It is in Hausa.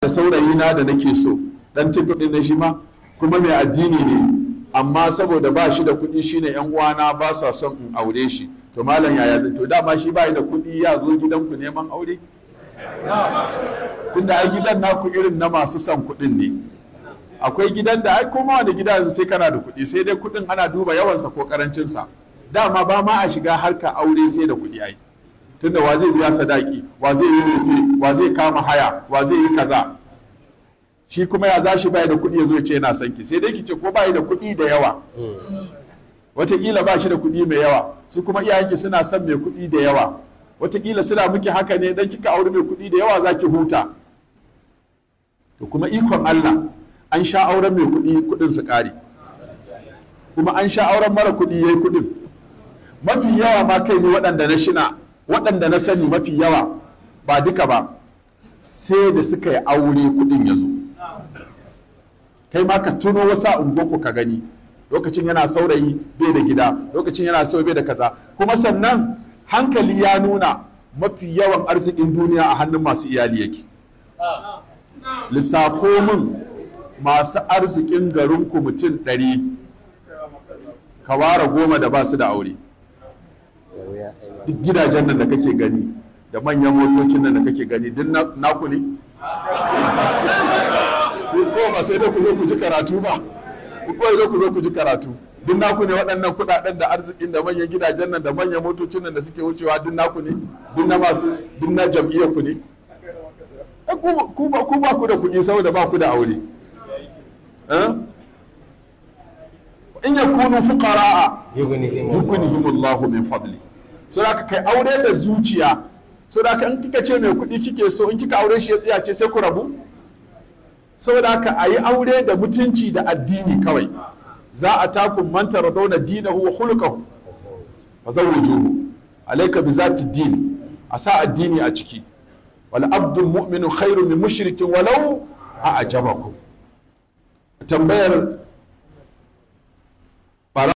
da saurayi na da nake so dan tiktok din shi ma kuma mai addini ne amma saboda ba shi da kuɗi shine yan uwana ba sa son in aure shi to malam yaya zai to dama shi bai da kuɗi ya zo gidan ku neman aure tunda ai gidan naku irin na masu son kuɗin ne akwai gidan da ai koma wani gida sai kana da kuɗi sai dai kuɗin ana duba yawansa ko karancinsa dama ba ma a shiga harka aure sai da kuɗi ai tunda wa zai biya sadaki wa zai yi rufe wa zai kama haya wa zai yi kaza shi kuma ya za shi bai da kuɗi ya zo ce yana sanki sai dai ki ce ko bai da kuɗi da yawa wataƙila ba shi da kuɗi mai yawa su kuma iyayenki suna son mai kuɗi da yawa wataƙila suna miki haka ne dan kika auri mai kuɗi da yawa za ki huta to kuma ikon Allah an sha auren mai kuɗi kuɗin su ƙare kuma an sha auren mara kuɗi yayi kuɗin mafi yawa ma kai ne waɗanda na shina waɗanda na sani mafi yawa ba duka ba sai da suka yi aure kuɗin ya zo kai ma ka tuno wasa unguwarku ka gani lokacin yana saurayi bai da gida lokacin yana saurayi bai da kaza kuma sannan hankali ya nuna mafi yawan arzikin duniya a hannun masu iyali yake lissafo min masu arzikin garinku mutum ɗari ka ware goma da ba su da aure duk gidajen nan da kake gani da manyan motocin nan da kake gani duk naku ne ko ba sai dai ku zo ku ji karatu ba ko kawai zo ku zo ku ji karatu duk naku ne waɗannan kuɗaɗen da arzikin da manyan gidajen nan da manyan motocin nan da suke wucewa duk naku ne duk na masu duk na jam'iyyar ku ne eh, ku ba ku da kuɗi saboda ba ku da aure eh? in yakunu fuqara'a yughnihimullahu min fadli so da kai aure da zuciya so da in kika ce mai kuɗi kike so in kika aure shi ya tsaya ce sai ku rabu saboda haka a yi aure da mutunci da addini kawai za a taku manta radauna dina wa khuluquhu wa zawwijuhu alayka bi zati din a sa addini a ciki wal abdu mu'minu khairu min mushrikin walau a ajabakum tambayar